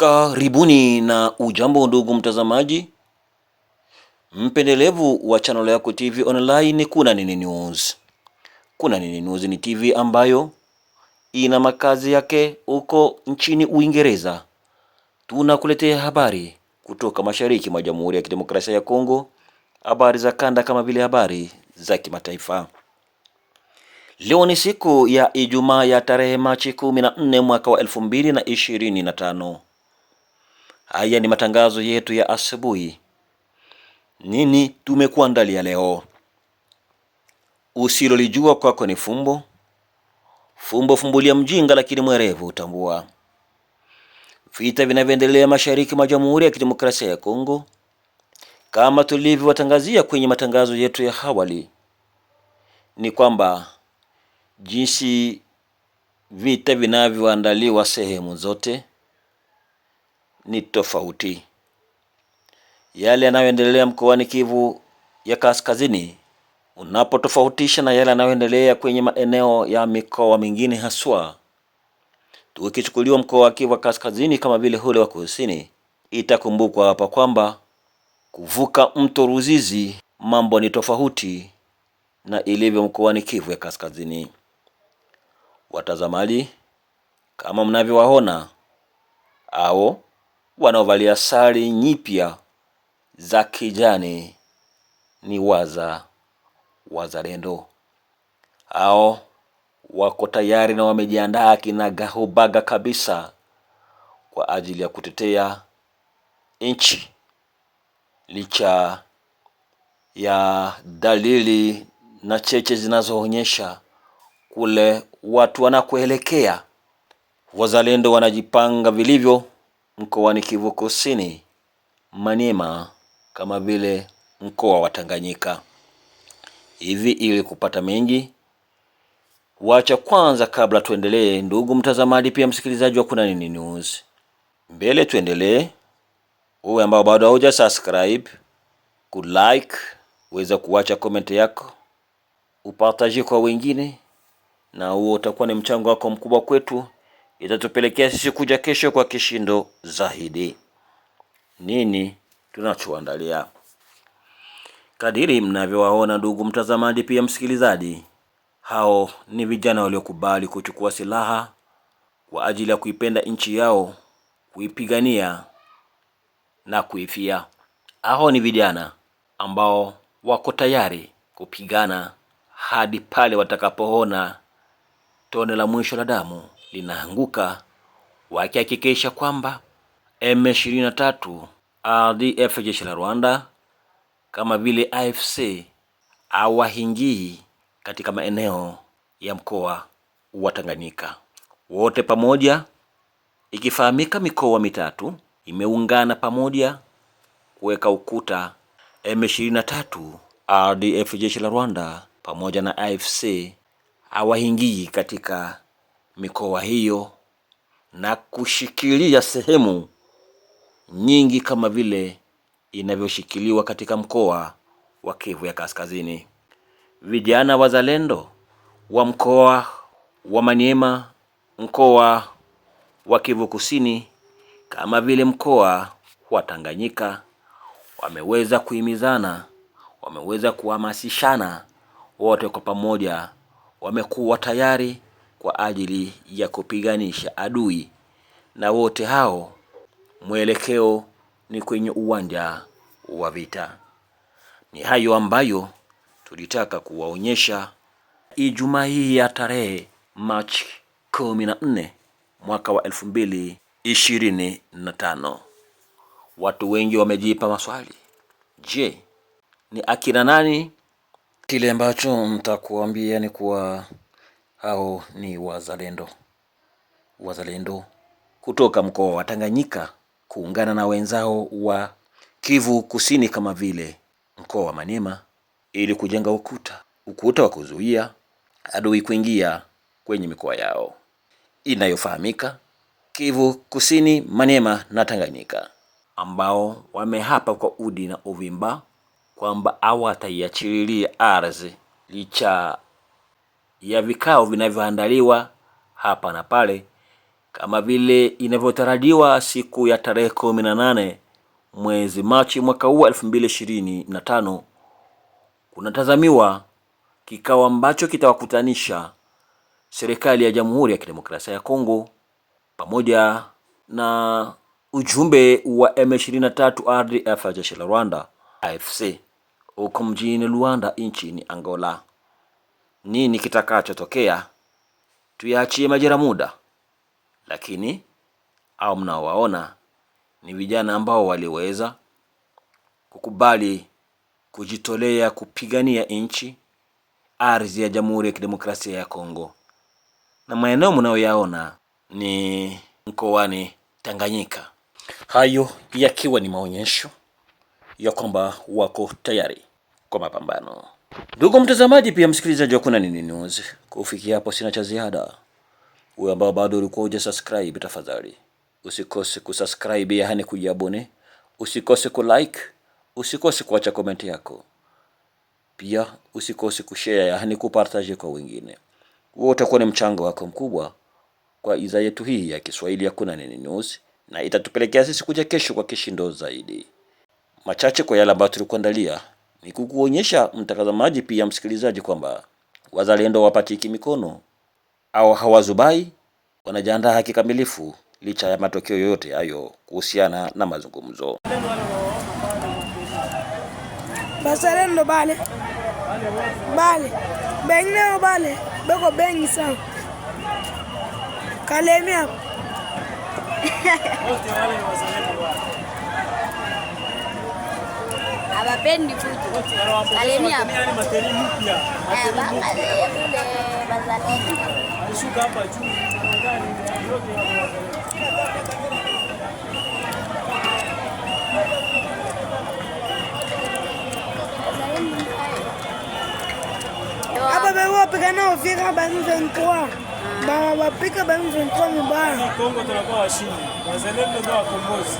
Karibuni na ujambo ndugu mtazamaji mpendelevu wa channel yako TV online Kuna Nini News. Kuna Nini News ni TV ambayo ina makazi yake huko nchini Uingereza. Tunakuletea habari kutoka mashariki mwa Jamhuri ya Kidemokrasia ya Kongo, habari za kanda kama vile habari za kimataifa. Leo ni siku ya Ijumaa ya tarehe Machi 14 mwaka wa 2025. Haya ni matangazo yetu ya asubuhi. Nini tumekuandalia leo? Usilolijua kwako ni fumbo. Fumbo fumbulia mjinga, lakini mwerevu utambua. Vita vinavyoendelea mashariki mwa Jamhuri ya Kidemokrasia ya Kongo, kama tulivyowatangazia kwenye matangazo yetu ya hawali, ni kwamba jinsi vita vinavyoandaliwa sehemu zote ni tofauti. Yale yanayoendelea mkoani Kivu ya Kaskazini unapotofautisha na yale yanayoendelea kwenye maeneo ya mikoa mingine, haswa tukichukuliwa mkoa wa Kivu Kaskazini kama vile ule wa Kusini, itakumbukwa hapa kwamba kuvuka mto Ruzizi mambo ni tofauti na ilivyo mkoani Kivu ya Kaskazini. Watazamaji, kama mnavyowaona, au wanaovalia sare nyipya za kijani ni waza wazalendo. Hao wako tayari na wamejiandaa kinagahubaga kabisa kwa ajili ya kutetea nchi licha ya dalili na cheche zinazoonyesha kule watu wanakoelekea. Wazalendo wanajipanga vilivyo mkoani Kivu Kusini, Maniema kama vile mkoa wa Tanganyika hivi. Ili kupata mengi, wacha kwanza, kabla tuendelee, ndugu mtazamaji, pia msikilizaji wa Kuna Nini News, mbele tuendelee, wewe ambao bado hauja subscribe, ku like, uweza kuacha comment yako, upartaji kwa wengine, na huo utakuwa ni mchango wako mkubwa kwetu itatupelekea sisi kuja kesho kwa kishindo zaidi. Nini tunachoandalia? Kadiri mnavyowaona ndugu mtazamaji, pia msikilizaji, hao ni vijana waliokubali kuchukua silaha kwa ajili ya kuipenda nchi yao, kuipigania na kuifia. Hao ni vijana ambao wako tayari kupigana hadi pale watakapoona tone la mwisho la damu linaanguka wakihakikisha kwamba M23 RDF jeshi la Rwanda kama vile AFC hawahingii katika maeneo ya mkoa wa Tanganyika wote pamoja, ikifahamika mikoa mitatu imeungana pamoja kuweka ukuta M23 RDF jeshi la Rwanda pamoja na AFC awahingii katika mikoa hiyo na kushikilia sehemu nyingi kama vile inavyoshikiliwa katika mkoa wa Kivu ya Kaskazini. Vijana wazalendo wa mkoa wa Maniema, mkoa wa Kivu Kusini kama vile mkoa wa Tanganyika wameweza kuhimizana, wameweza kuhamasishana, wote kwa pamoja wamekuwa tayari kwa ajili ya kupiganisha adui, na wote hao mwelekeo ni kwenye uwanja wa vita. Ni hayo ambayo tulitaka kuwaonyesha Ijumaa hii ya tarehe Machi 14 mwaka wa 2025. Watu wengi wamejipa maswali, je, ni akina nani? Kile ambacho mtakuambia ni kuwa hao ni wazalendo, wazalendo kutoka mkoa wa Tanganyika kuungana na wenzao wa Kivu Kusini kama vile mkoa wa Maniema ili kujenga ukuta, ukuta wa kuzuia adui kuingia kwenye mikoa yao inayofahamika Kivu Kusini, Maniema na Tanganyika, ambao wamehapa kwa udi na uvimba kwamba hawataiachilia ardhi licha ya vikao vinavyoandaliwa hapa na pale kama vile inavyotarajiwa siku ya tarehe kumi na nane mwezi Machi mwaka huu elfu mbili ishirini na tano kunatazamiwa kikao ambacho kitawakutanisha serikali ya Jamhuri ya Kidemokrasia ya Kongo pamoja na ujumbe wa M23 RDF ya jeshi la Rwanda AFC huko mjini Luanda nchini Angola nini kitakachotokea tuyaachie majira muda, lakini au mnaowaona ni vijana ambao waliweza kukubali kujitolea kupigania nchi, ardhi ya Jamhuri ya Kidemokrasia ya Kongo, na maeneo mnayoyaona ni mkoani Tanganyika. Hayo yakiwa ni maonyesho ya kwamba wako tayari kwa mapambano. Ndugu mtazamaji, pia msikilizaji wa Kuna Nini News, kufikia hapo sina cha ziada. Wewe ambao bado ulikuwa uja subscribe, tafadhali usikose kusubscribe, yaani kujiabone, usikose kulike, usikose kuacha komenti yako, pia usikose kushare, yaani kupartaje kwa wengine. Huo utakuwa ni mchango wako mkubwa kwa idhaa yetu hii ya Kiswahili ya Kuna Nini News, na itatupelekea sisi kuja kesho kwa kishindo zaidi. Machache kwa yale ambayo tulikuandalia ni kukuonyesha mtazamaji pia msikilizaji kwamba wazalendo wapatiki mikono au hawazubai, wanajiandaa kikamilifu licha ya matokeo yoyote hayo kuhusiana na mazungumzo. Bazalendo bale bale bengineo bale beko bengi sana kalemia hawapendi vitu. Salimia hapa yaani eh, barua pika eh, nao fika banzenkoa bawapika banzenkoa mubaya Kongo tunakuwa washindi, wazalendo ndio wakombozi.